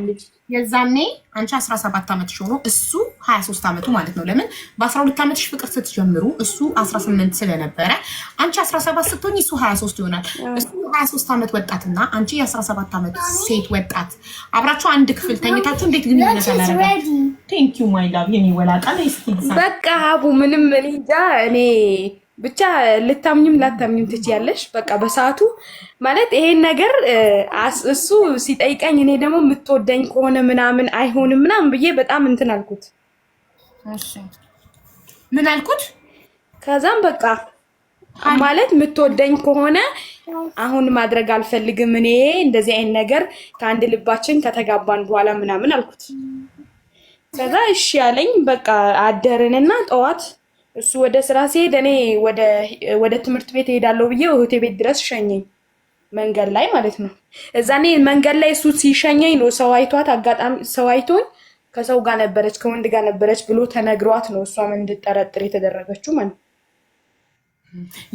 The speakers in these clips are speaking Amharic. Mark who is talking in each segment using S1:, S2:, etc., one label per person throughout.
S1: የምናውቀውን ልጅ የዛኔ አንቺ 17 ዓመት ሆኖ እሱ 23 ዓመቱ ማለት ነው። ለምን በ12 ዓመትሽ ፍቅር ስትጀምሩ እሱ 18 ስለነበረ አንቺ 17 ስትሆኝ እሱ 23 ይሆናል። እሱ 23 ዓመት ወጣትና አንቺ የ17 ዓመት ሴት ወጣት አብራችሁ አንድ ክፍል ተኝታችሁ እንዴት
S2: ግንኙነት አላረጋ?
S1: ቴንኪዩ ማይ ላቭ የሚወላቃ
S3: ወላቃ። በቃ ሀቡ ምንም እኔ እንጃ እኔ ብቻ ልታምኝም ላታምኝም ትችያለሽ። በቃ በሰዓቱ ማለት ይሄን ነገር እሱ ሲጠይቀኝ እኔ ደግሞ የምትወደኝ ከሆነ ምናምን አይሆንም ምናምን ብዬ በጣም እንትን አልኩት። ምን አልኩት? ከዛም በቃ ማለት የምትወደኝ ከሆነ አሁን ማድረግ አልፈልግም እኔ እንደዚህ አይነት ነገር ከአንድ ልባችን ከተጋባን በኋላ ምናምን አልኩት። ከዛ እሺ ያለኝ በቃ አደርንና ጠዋት እሱ ወደ ስራ ሲሄድ እኔ ወደ ትምህርት ቤት እሄዳለሁ ብዬ እህቴ ቤት ድረስ ሸኘኝ። መንገድ ላይ ማለት ነው። እዛኔ መንገድ ላይ እሱ ሲሸኘኝ ነው ሰው አይቷት፣ አጋጣሚ ሰው አይቶኝ ከሰው ጋር ነበረች ከወንድ ጋር ነበረች ብሎ ተነግሯት ነው እሷም እንድጠረጥር የተደረገችው ማለት ነው።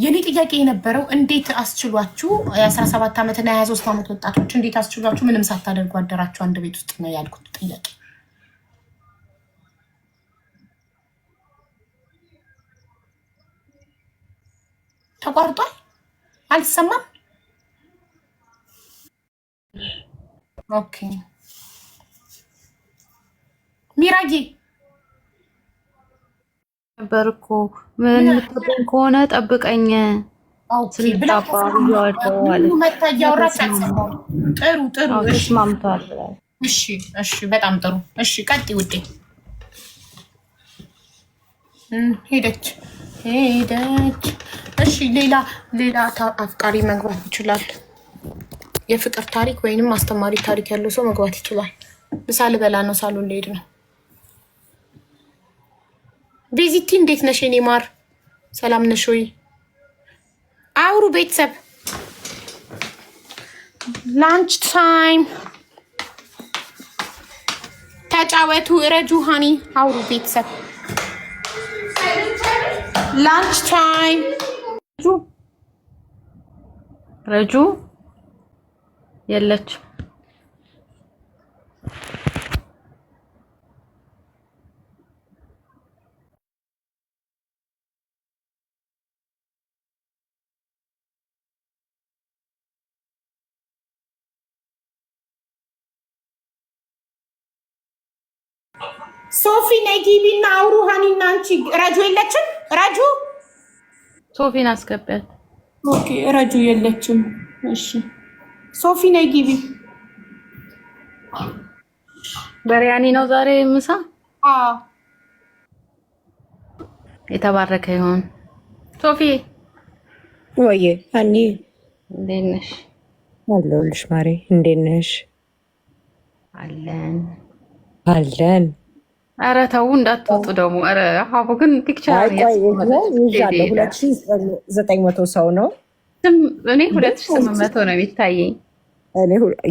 S1: የእኔ ጥያቄ የነበረው እንዴት አስችሏችሁ የአስራ ሰባት ዓመትና የሀያ ሶስት ዓመት ወጣቶች እንዴት አስችሏችሁ ምንም ሳታደርጉ አደራችሁ አንድ ቤት ውስጥ ነው ያልኩት ጥያቄ ተቋርጧል። አልሰማም። ኦኬ ሚራጌ
S4: ነበር እኮ ምን ከሆነ ጠብቀኝ
S1: ጥሩ ጥሩ
S4: ተስማምቷል።
S1: እሺ እሺ፣ በጣም ጥሩ እሺ። ቀጥ ውዴ ሄደች ሄደች እሺ ሌላ ሌላ አፍቃሪ መግባት ይችላል። የፍቅር ታሪክ ወይንም አስተማሪ ታሪክ ያለው ሰው መግባት ይችላል። ምሳ ልበላ ነው፣ ሳሎን ልሄድ ነው። ቤዚቲ እንዴት ነሽ የኔ ማር? ሰላም ነሽ ወይ? አውሩ ቤተሰብ። ላንች ታይም ተጫወቱ፣ እረጁ። ሃኒ አውሩ ቤተሰብ ላንች ታይም ረጁ የለችም። ሶፊ ነጊቢና አውሩሃኒ እና አንቺ ረጁ የለችም። ረጁ
S4: ሶፊን አስገቢያት።
S1: ኦኬ ረጁ የለችም። እሺ ሶፊ ነይ ግቢ።
S4: በሪያኒ ነው ዛሬ ምሳ። አዎ የተባረከ ይሁን።
S1: ሶፊ
S5: ወይ አኒ እንዴት ነሽ? አለሁልሽ ማሬ። እንዴት ነሽ? አለን አለን
S4: ኧረ ተው እንዳትወጡ ደግሞ። ኧረ ሀቡ ግን ፒክቸር ሁለት ሺህ ዘጠኝ መቶ ሰው ነው። እኔ ሁለት ሺህ ስምንት መቶ ነው የሚታየኝ።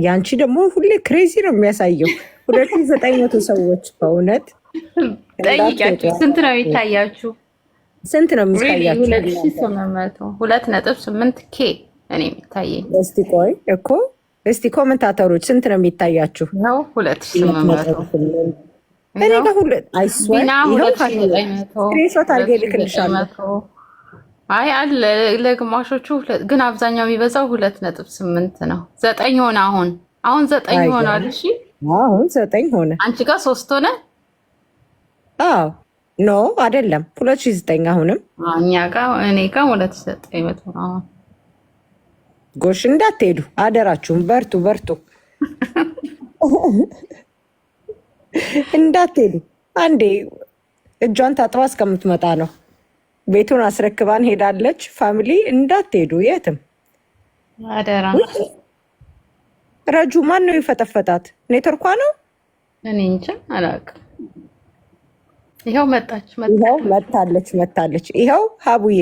S4: ያንቺ ደግሞ ሁሌ ክሬዚ ነው የሚያሳየው። ሁለት ሺህ ዘጠኝ መቶ ሰዎች በእውነት ጠይቂያችሁ። ስንት ነው የሚታያችሁ? ስንት ነው የሚታያችሁ? ሁለት ነጥብ ስምንት ኬ እኔ የሚታየኝ። እስቲ ቆይ እኮ እስቲ ኮመንታተሮች ስንት ነው የሚታያችሁ? ነው ሁለት ሺህ ስምንት መቶ እኔ ለሁለት ስክሪንሾት አድርጌ እልክልሻለሁ። አይ አለ ለግማሾቹ ግን አብዛኛው የሚበዛው ሁለት ነጥብ ስምንት ነው። ዘጠኝ ሆነ። አሁን አሁን ዘጠኝ ሆኗል። እሺ አሁን ዘጠኝ ሆነ። አንቺ ጋር ሶስት ሆነ። አዎ ኖ አይደለም፣ ሁለት ሺ ዘጠኝ አሁንም እኛ ጋር እኔ ጋር ሁለት ሺ ዘጠኝ መቶ አሁን ጎሽ እንዳትሄዱ አደራችሁም። በርቱ በርቱ እንዳትሄዱ አንዴ እጇን ታጥባ እስከምትመጣ ነው። ቤቱን አስረክባን ሄዳለች። ፋሚሊ እንዳትሄዱ የትም አደራ። ረጁ ማን ነው የፈጠፈጣት? ኔትወርኳ ነው። እኔ እንጃ አላውቅም። ይኸው መጣች፣ መታለች፣ መታለች። ይኸው ሀቡዬ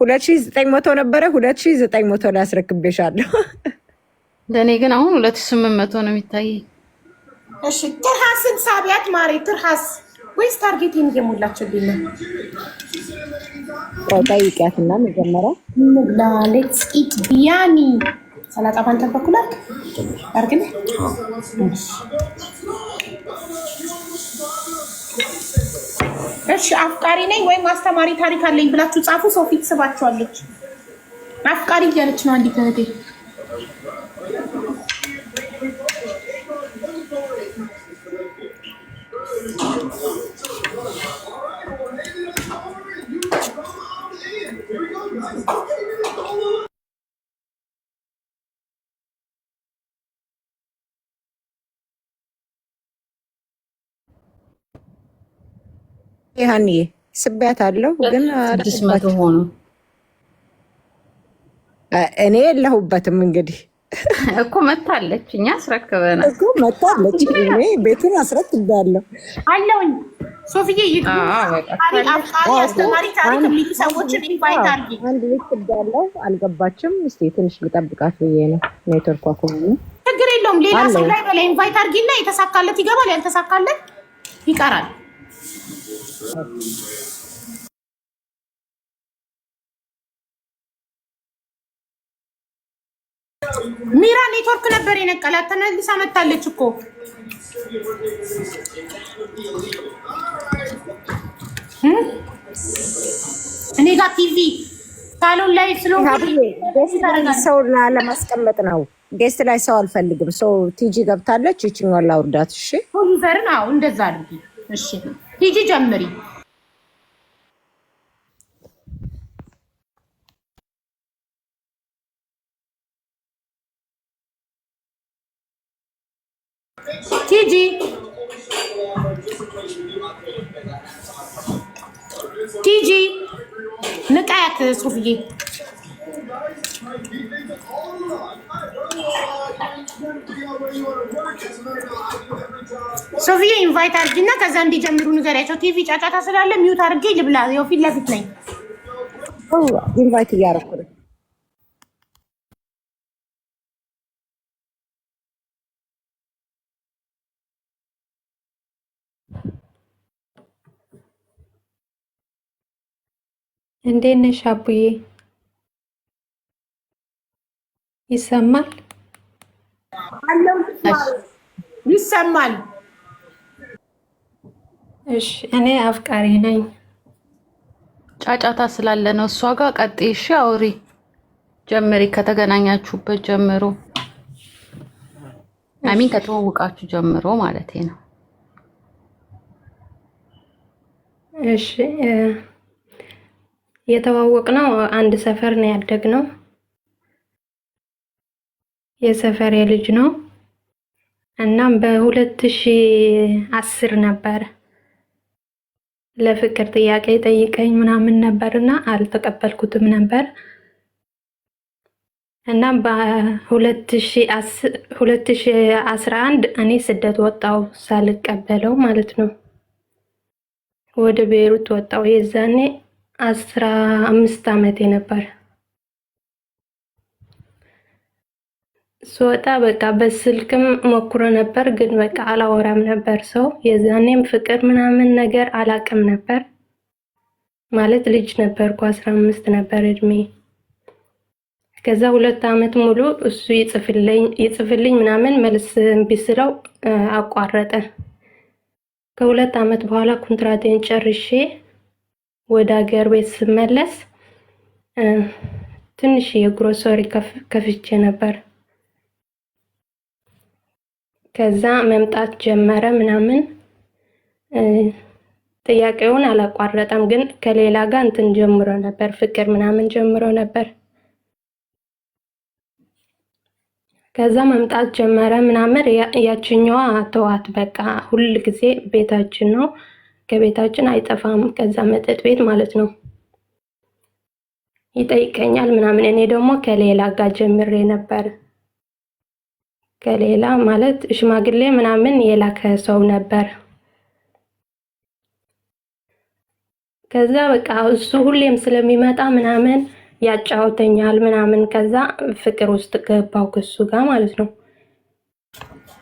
S4: ሁለት ሺህ ዘጠኝ መቶ ነበረ። ሁለት ሺህ ዘጠኝ መቶ ላይ አስረክቤሻለሁ። ለእኔ ግን አሁን ሁለት ሺህ ስምንት መቶ ነው የሚታየኝ። እሺ ትርሃስን ሳቢያት ማሬ ትርሃስ ወይስ ታርጌት የሚየሙላችሁልኝ ነው? ጠይቂያትና መጀመሪያ ሌትስ ኢት ቢያኒ ሰላጣ ፋንታ በኩላት አርግን እሺ አፍቃሪ ነኝ ወይም አስተማሪ ታሪክ አለኝ ብላችሁ ጻፉ። ሰው ፊት ስባችኋለች። አፍቃሪ እያለች ነው አንዲት እህቴ ይሃን ይ ስቢያት አለው ግን ስድስት መቶ ሆኑ። እኔ የለሁበትም እንግዲህ እኮ መታለች፣ እኛ አስረክበናል እኮ መታለች። እኔ ቤቱን አስረክባለሁ አለውኝ። ሶፍዬ አስተማሪ ታሪክ የሚሉ ሰዎችን ኢንቫይት አድርጊ። አንድ ቤት ስዳለው አልገባችም። እስኪ ትንሽ ልጠብቃት ብዬ ነው። ኔትወርኳ ከሆነ ችግር የለውም ሌላ ሰው ላይ በላይ ኢንቫይት አርጊና የተሳካለት ይገባል፣ ያልተሳካለት ይቀራል። ሚራ ኔትወርክ ነበር የነቀላት። ተመልሳ መታለች እኮ እኔ ጋር ቲቪ ሳሎን ላይ ሰው ለማስቀመጥ ነው። ጌስት ላይ ሰው አልፈልግም። ሰው ቲጂ ገብታለች። ይችኛዋን ላውርዳት። እሺ ዩዘርን፣ አዎ እንደዛ አድርጊ። እሺ ሂጂ ጀምሪ። ሂጂ ሂጂ። ንቃያት ጽሑፍዬ ሶፊዬ ኢንቫይት አድርጊና ከዛ እንዲጀምሩ ንገሪያቸው። ቲቪ ጫጫታ ስላለ ሚውት አድርጌ ልብላ። ያው ፊት ለፊት ነኝ። ኢንቫይት እያደረኩ ነው። እንዴት ነሽ አቡዬ? ይሰማል ይሰማል። እሺ እኔ አፍቃሪ ነኝ። ጫጫታ ስላለ ነው። እሷ ጋር ቀጤ። ሺ አውሪ ጀምሪ፣ ከተገናኛችሁበት ጀምሮ አሚን ከተዋወቃችሁ ጀምሮ ማለት ነው። እሺ የተዋወቅ ነው አንድ ሰፈር ነው ያደግ ነው የሰፈሬ ልጅ ነው። እናም በሁለት ሺህ አስር ነበር ለፍቅር ጥያቄ ጠይቀኝ ምናምን ነበር እና አልተቀበልኩትም ነበር። እናም በሁለት ሺህ አስራ አንድ እኔ ስደት ወጣው ሳልቀበለው ማለት ነው። ወደ ቤሩት ወጣው የዛኔ አስራ አምስት አመቴ ነበር። ስወጣ በቃ በስልክም ሞክሮ ነበር፣ ግን በቃ አላወራም ነበር ሰው። የዛኔም ፍቅር ምናምን ነገር አላቅም ነበር ማለት ልጅ ነበርኩ፣ አስራ አምስት ነበር እድሜ። ከዛ ሁለት አመት ሙሉ እሱ ይጽፍልኝ ምናምን መልስ እምቢ ስለው አቋረጠ። ከሁለት አመት በኋላ ኮንትራቴን ጨርሼ ወደ ሀገር ቤት ስመለስ ትንሽ የግሮሰሪ ከፍቼ ነበር። ከዛ መምጣት ጀመረ ምናምን ጥያቄውን አላቋረጠም፣ ግን ከሌላ ጋር እንትን ጀምሮ ነበር፣ ፍቅር ምናምን ጀምሮ ነበር። ከዛ መምጣት ጀመረ ምናምን። ያችኛዋ ተዋት በቃ ሁል ጊዜ ቤታችን ነው፣ ከቤታችን አይጠፋም። ከዛ መጠጥ ቤት ማለት ነው ይጠይቀኛል ምናምን። እኔ ደግሞ ከሌላ ጋር ጀምሬ ነበር። ከሌላ ማለት ሽማግሌ ምናምን የላከ ሰው ነበር። ከዛ በቃ እሱ ሁሌም ስለሚመጣ ምናምን ያጫውተኛል ምናምን። ከዛ ፍቅር ውስጥ ገባው ከሱ ጋር ማለት ነው።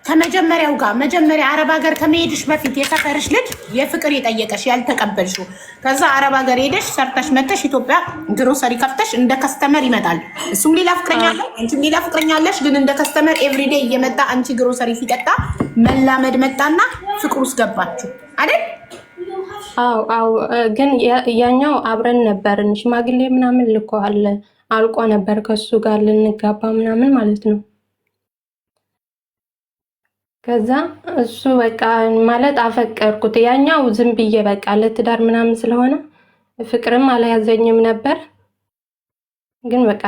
S4: ከመጀመሪያው ጋር መጀመሪያ አረብ ሀገር ከመሄድሽ በፊት የሰፈርሽ ልጅ የፍቅር የጠየቀሽ ያልተቀበልሽ፣ ከዛ አረብ ሀገር ሄደሽ ሰርተሽ መተሽ ኢትዮጵያ ግሮሰሪ ከፍተሽ እንደ ከስተመር ይመጣል። እሱም ሌላ ፍቅረኛ አለ፣ አንቺም ሌላ ፍቅረኛ አለሽ። ግን እንደ ከስተመር ኤቭሪዴ እየመጣ አንቺ ግሮሰሪ ሲጠጣ መላመድ መጣና ፍቅር ውስጥ ገባችሁ አይደል? አዎ፣ አዎ። ግን ያኛው አብረን ነበርን። ሽማግሌ ምናምን ልኮ አለ አልቆ ነበር ከሱ ጋር ልንጋባ ምናምን ማለት ነው ከዛ እሱ በቃ ማለት አፈቀርኩት። ያኛው ዝም ብዬ በቃ ለትዳር ምናምን ስለሆነ ፍቅርም አላያዘኝም ነበር። ግን በቃ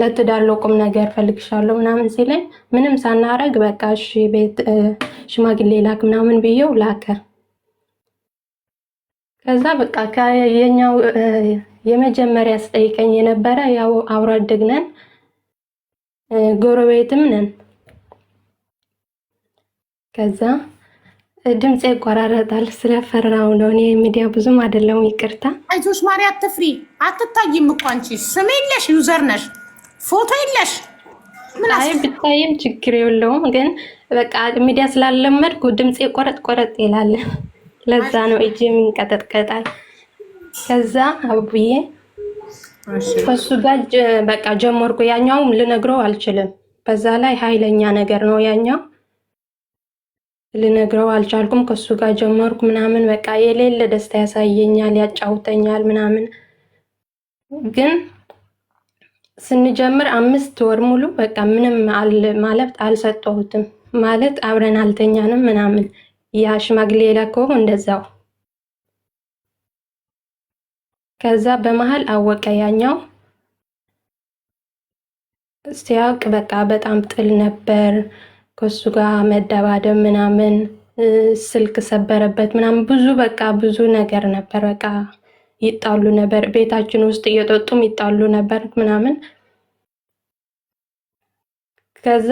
S4: ለትዳር ለቁም ነገር ፈልግሻለሁ ምናምን ሲለኝ ምንም ሳናረግ በቃ እሺ ቤት ሽማግሌ ላክ ምናምን ብዬው ላከ። ከዛ በቃ የኛው የመጀመሪያ ስጠይቀኝ የነበረ ያው አብሮ አደግ ጎረቤትም ነን ከዛ ድምፅ ይቆራረጣል ስለፈራው ነው። እኔ ሚዲያ ብዙም አይደለም ይቅርታ። አይዞሽ ማሪ፣ አትፍሪ። አትታይም እኮ አንቺ ስም የለሽ ዩዘር ነሽ፣ ፎቶ የለሽ። አይ ብታይም ችግር የለውም ግን በቃ ሚዲያ ስላለመድኩ ድምፅ ቆረጥ ቆረጥ ይላል። ለዛ ነው እጅ የሚንቀጠጥቀጣል። ከዛ አቡዬ እሱ ጋር በቃ ጀመርኩ። ያኛውም ልነግረው አልችልም። በዛ ላይ ኃይለኛ ነገር ነው ያኛው ልነግረው አልቻልኩም። ከሱ ጋር ጀመርኩ ምናምን በቃ የሌለ ደስታ ያሳየኛል፣ ያጫውተኛል ምናምን። ግን ስንጀምር አምስት ወር ሙሉ በቃ ምንም ማለት አልሰጠሁትም፣ ማለት አብረን አልተኛንም ምናምን። ያ ሽማግሌ የላከው እንደዛው። ከዛ በመሀል አወቀ ያኛው ሲያውቅ በቃ በጣም ጥል ነበር ከሱ ጋር መደባደብ ምናምን ስልክ ሰበረበት ምናምን ብዙ በቃ ብዙ ነገር ነበር። በቃ ይጣሉ ነበር፣ ቤታችን ውስጥ እየጠጡም ይጣሉ ነበር ምናምን። ከዛ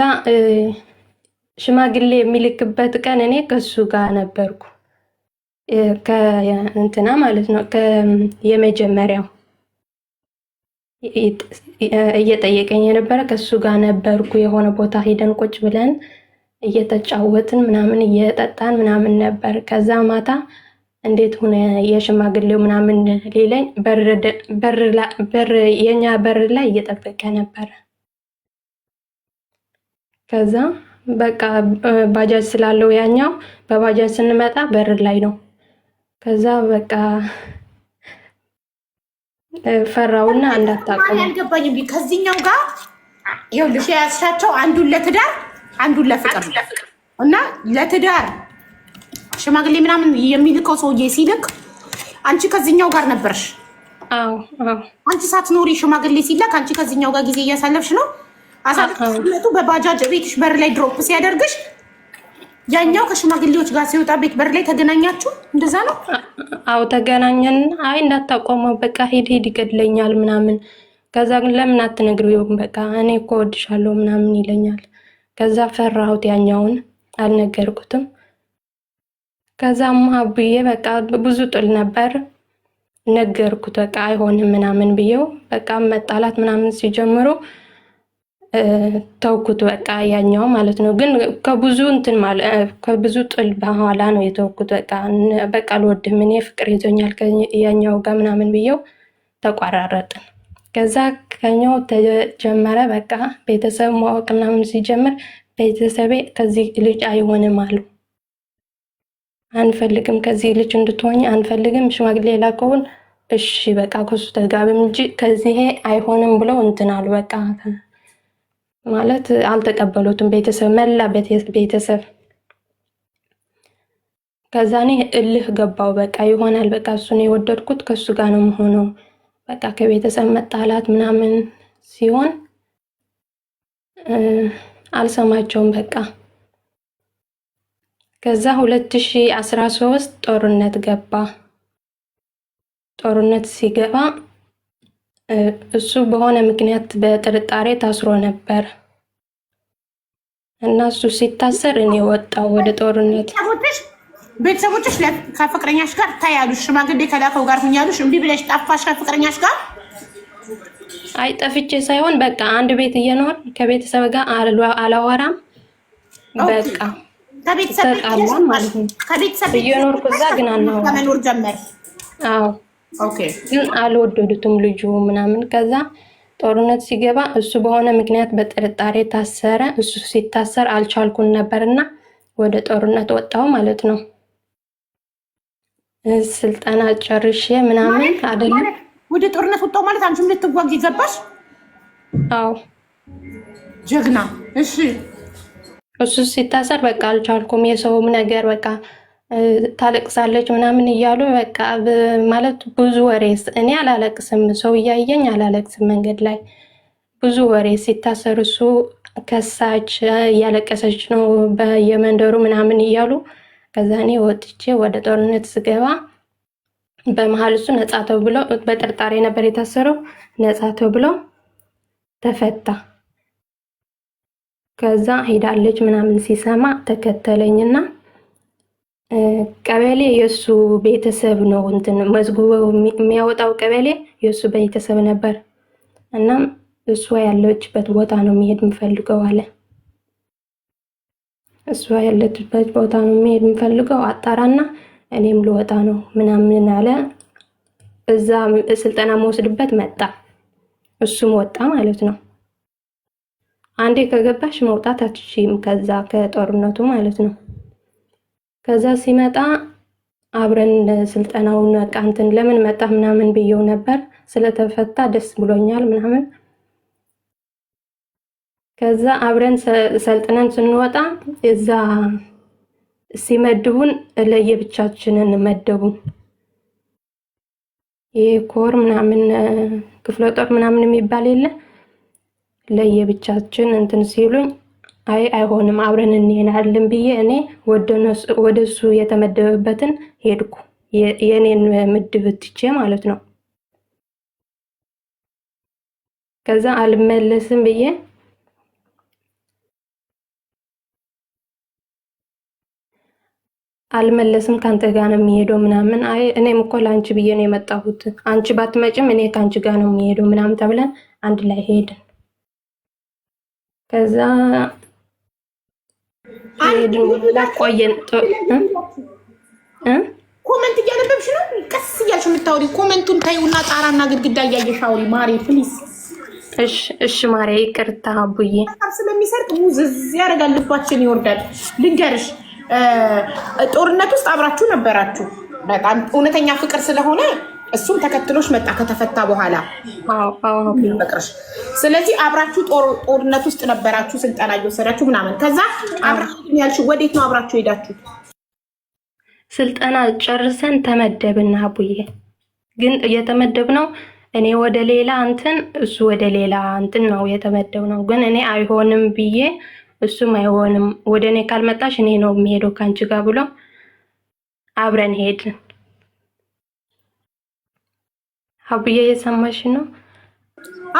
S4: ሽማግሌ የሚልክበት ቀን እኔ ከሱ ጋር ነበርኩ፣ ከእንትና ማለት ነው የመጀመሪያው እየጠየቀኝ የነበረ ከሱ ጋር ነበርኩ። የሆነ ቦታ ሄደን ቁጭ ብለን እየተጫወትን ምናምን እየጠጣን ምናምን ነበር። ከዛ ማታ እንዴት ሆነ የሽማግሌው ምናምን ሌለኝ በር የኛ በር ላይ እየጠበቀ ነበረ። ከዛ በቃ ባጃጅ ስላለው ያኛው በባጃጅ ስንመጣ በር ላይ ነው። ከዛ በቃ ፈራውና እንዳታቀሙ አልገባኝም። ከዚህኛው ጋር ይኸውልሽ የያዝሻቸው አንዱን ለትዳር አንዱን ለፍቅር እና ለትዳር ሽማግሌ ምናምን የሚልከው ሰውዬ ሲልክ አንቺ ከዚህኛው ጋር ነበርሽ። አንቺ ሳትኖሪ ሽማግሌ ሲላክ አንቺ ከዚህኛው ጋር ጊዜ እያሳለፍሽ ነው። አሳለፍሽ በባጃጅ ቤትሽ በር ላይ ድሮፕ ሲያደርግሽ ያኛው ከሽማግሌዎች ጋር ሲወጣ ቤት በር ላይ ተገናኛችሁ? እንደዛ ነው? አዎ ተገናኘን። አይ እንዳታቆመው በቃ ሄድ ሄድ ይገድለኛል ምናምን። ከዛ ግን ለምን አትነግሪውም? በቃ እኔ እኮ ወድሻለሁ ምናምን ይለኛል። ከዛ ፈራሁት፣ ያኛውን አልነገርኩትም። ከዛም አቡዬ በቃ ብዙ ጥል ነበር። ነገርኩት በቃ አይሆንም ምናምን ብዬው በቃ መጣላት ምናምን ሲጀምሩ ተውኩት በቃ ያኛው ማለት ነው። ግን ከብዙ እንትን ከብዙ ጥል በኋላ ነው የተውኩት። በቃ በቃ አልወድም እኔ ፍቅር ይዞኛል ያኛው ጋር ምናምን ብየው ተቋራረጥን። ከዛ ከኛው ተጀመረ በቃ ቤተሰብ ማወቅ ምናምን ሲጀምር ቤተሰቤ ከዚህ ልጅ አይሆንም አሉ። አንፈልግም፣ ከዚህ ልጅ እንድትሆኝ አንፈልግም። ሽማግሌ ላከውን እሺ በቃ ከሱ ተጋብም እንጂ ከዚህ አይሆንም ብለው እንትን አሉ በቃ ማለት አልተቀበሉትም። ቤተሰብ መላ ቤተሰብ ከዛ እኔ እልህ ገባው። በቃ ይሆናል፣ በቃ እሱን የወደድኩት ከሱ ጋር ነው መሆነው። በቃ ከቤተሰብ መጣላት ምናምን ሲሆን አልሰማቸውም። በቃ ከዛ 2013 ጦርነት ገባ። ጦርነት ሲገባ እሱ በሆነ ምክንያት በጥርጣሬ ታስሮ ነበር እና እሱ ሲታሰር እኔ ወጣው ወደ ጦርነት። ቤተሰቦችሽ ከፍቅረኛሽ ጋር ታያሉሽ? ሽማግሌ ከላከው ጋር ሁኛሉሽ? እምቢ ብለሽ ጠፋሽ ከፍቅረኛሽ ጋር? አይ ጠፍቼ ሳይሆን በቃ አንድ ቤት እየኖር ከቤተሰብ ጋር አላወራም። በቃ ከቤተሰብ ማለት ነው። እየኖርኩ እዛ ግን አናወራም። አዎ ግን አልወደዱትም ልጁ ምናምን። ከዛ ጦርነት ሲገባ እሱ በሆነ ምክንያት በጥርጣሬ ታሰረ። እሱ ሲታሰር አልቻልኩም ነበርና ወደ ጦርነት ወጣው ማለት ነው። ስልጠና ጨርሼ ምናምን አይደለም ወደ ጦርነት ወጣው ማለት አንቺም ልትዋጊ ገባሽ? አዎ ጀግና። እሺ እሱ ሲታሰር በቃ አልቻልኩም። የሰውም ነገር በቃ ታለቅሳለች ምናምን እያሉ በቃ ማለት ብዙ ወሬ። እኔ አላለቅስም፣ ሰው እያየኝ አላለቅስም። መንገድ ላይ ብዙ ወሬ ሲታሰር እሱ ከሳች እያለቀሰች ነው በየመንደሩ ምናምን እያሉ ከዛ እኔ ወጥቼ ወደ ጦርነት ስገባ በመሀል እሱ ነጻ ተብሎ በጥርጣሬ ነበር የታሰረው። ነጻ ተብሎ ተፈታ። ከዛ ሄዳለች ምናምን ሲሰማ ተከተለኝና ቀበሌ የእሱ ቤተሰብ ነው እንትን መዝግበው የሚያወጣው ቀበሌ የእሱ ቤተሰብ ነበር። እናም እሷ ያለችበት ቦታ ነው የሚሄድ የምፈልገው አለ። እሷ ያለችበት ቦታ ነው የሚሄድ የምፈልገው አጣራና እኔም ልወጣ ነው ምናምን አለ። እዛ ስልጠና መወስድበት መጣ፣ እሱም ወጣ ማለት ነው። አንዴ ከገባሽ መውጣት አትችይም ከዛ ከጦርነቱ ማለት ነው። ከዛ ሲመጣ አብረን ስልጠናውን በቃ እንትን ለምን መጣ ምናምን ብየው ነበር። ስለተፈታ ደስ ብሎኛል ምናምን። ከዛ አብረን ሰልጥነን ስንወጣ እዛ ሲመድቡን ለየብቻችንን መደቡን። ይህ ኮር ምናምን ክፍለ ጦር ምናምን የሚባል የለ ለየብቻችን እንትን ሲሉኝ አይ አይሆንም አብረን እንሄዳለን ብዬ እኔ ወደ እሱ የተመደበበትን ሄድኩ። የእኔን ምድብ ትቼ ማለት ነው። ከዛ አልመለስም ብዬ አልመለስም ከአንተ ጋ ነው የሚሄደው ምናምን። አይ እኔም እኮ ለአንቺ ብዬ ነው የመጣሁት፣ አንቺ ባትመጭም እኔ ከአንቺ ጋ ነው የሚሄደው ምናምን ተብለን አንድ ላይ ሄድን ከዛ ኮመንት እያነበብሽ ነው። ቀስ እያልሽ የምታወሪ ኮመንቱን ታዩና ጣራና ግድግዳ እያየሽ አውሪ ማሬ ፕሊዝ። እሺ ማሬ ይቅርታ አቡዬ ስለሚሰርቅ ሙዝዝ ያደርጋል፣ ልባችን ይወርዳል። ልንገርሽ ጦርነት ውስጥ አብራችሁ ነበራችሁ። በጣም እውነተኛ ፍቅር ስለሆነ እሱም ተከትሎች መጣ ከተፈታ በኋላ በቅርሽ። ስለዚህ አብራችሁ ጦርነት ውስጥ ነበራችሁ፣ ስልጠና እየወሰዳችሁ ምናምን። ከዛ አብራችሁ ያልሽው ወዴት ነው አብራችሁ ሄዳችሁ? ስልጠና ጨርሰን ተመደብና አቡዬ ግን እየተመደብ ነው እኔ ወደ ሌላ እንትን እሱ ወደ ሌላ እንትን ነው የተመደብ ነው። ግን እኔ አይሆንም ብዬ እሱም አይሆንም ወደ እኔ ካልመጣሽ እኔ ነው የሚሄደው ከአንቺ ጋር ብሎ አብረን ሄድን። አብዬ እየሰማሽ ነው?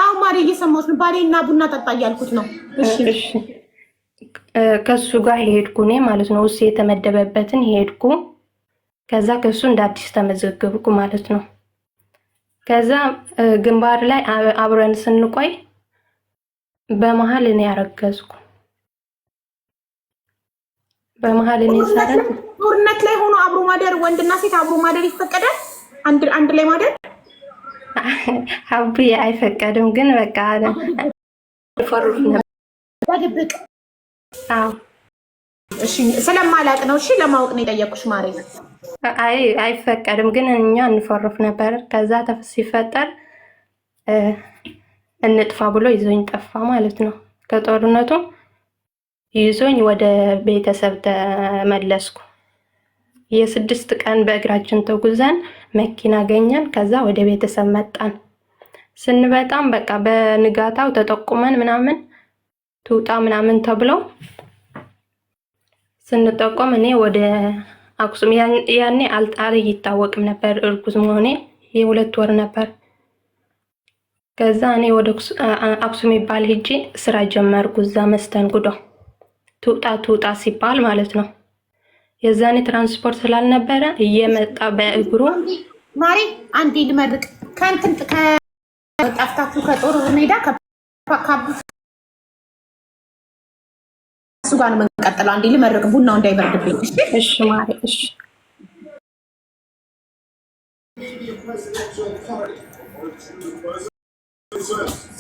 S4: አሁ ማሪ እየሰማች ነው። ባሌ እና ቡና ጠጣ እያልኩት ነው። እሺ ከሱ ጋር ሄድኩ እኔ ማለት ነው። እሱ የተመደበበትን ሄድኩ። ከዛ ከሱ እንደ አዲስ ተመዘገብኩ ማለት ነው። ከዛ ግንባር ላይ አብረን ስንቆይ በመሀል እኔ ያረገዝኩ በመሀል እኔ ሰረት ጦርነት ላይ ሆኖ አብሮ ማደር፣ ወንድና ሴት አብሮ ማደር ይፈቀዳል? አንድ አንድ ላይ ማደር አቡ አይፈቀድም፣ ግን በቃ ፈሩፍ በድብቅ ስለማላቅ ነው። እሺ ለማወቅ ነው የጠየኩሽ ማሬ። አይፈቀድም፣ ግን እኛ እንፈሩፍ ነበር። ከዛ ሲፈጠር እንጥፋ ብሎ ይዞኝ ጠፋ ማለት ነው። ከጦርነቱ ይዞኝ ወደ ቤተሰብ ተመለስኩ። የስድስት ቀን በእግራችን ተጉዘን መኪና ገኘን። ከዛ ወደ ቤተሰብ መጣን። ስንበጣም በቃ በንጋታው ተጠቁመን ምናምን ትውጣ ምናምን ተብለው ስንጠቆም እኔ ወደ አክሱም ያኔ አልጣሪ ይታወቅም ነበር እርጉዝ መሆኔ የሁለት ወር ነበር። ከዛ እኔ ወደ አክሱም ይባል ሂጄ ስራ ጀመርኩ። እዛ መስተንግዶ ትውጣ ትውጣ ሲባል ማለት ነው። የዛኔ ትራንስፖርት ስላልነበረ እየመጣ በእግሩ ማሪ አንድ ልመርቅ ከእንትን ከጣፍታችሁ ከጦር ሜዳ ከሱ ጋር ነው የምንቀጥለው። አንዴ ልመርቅ ቡናው እንዳይበርድብኝ። እሺ ማሪ እሺ።